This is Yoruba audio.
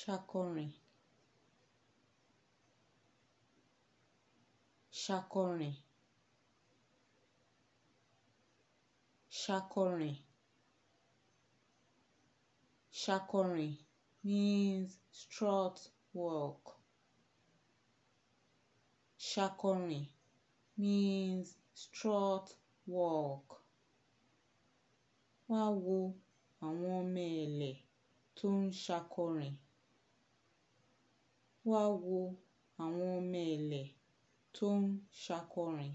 ṣàkọrìn ṣàkọrìn ṣàkọrìn ṣàkọrìn means strut walk ṣàkọrìn means strut walk wá wo àwọn ọmọ ẹ̀lẹ̀ tó ń ṣàkọrìn wá wo àwọn ọmọ èlé tó ń ṣakọrin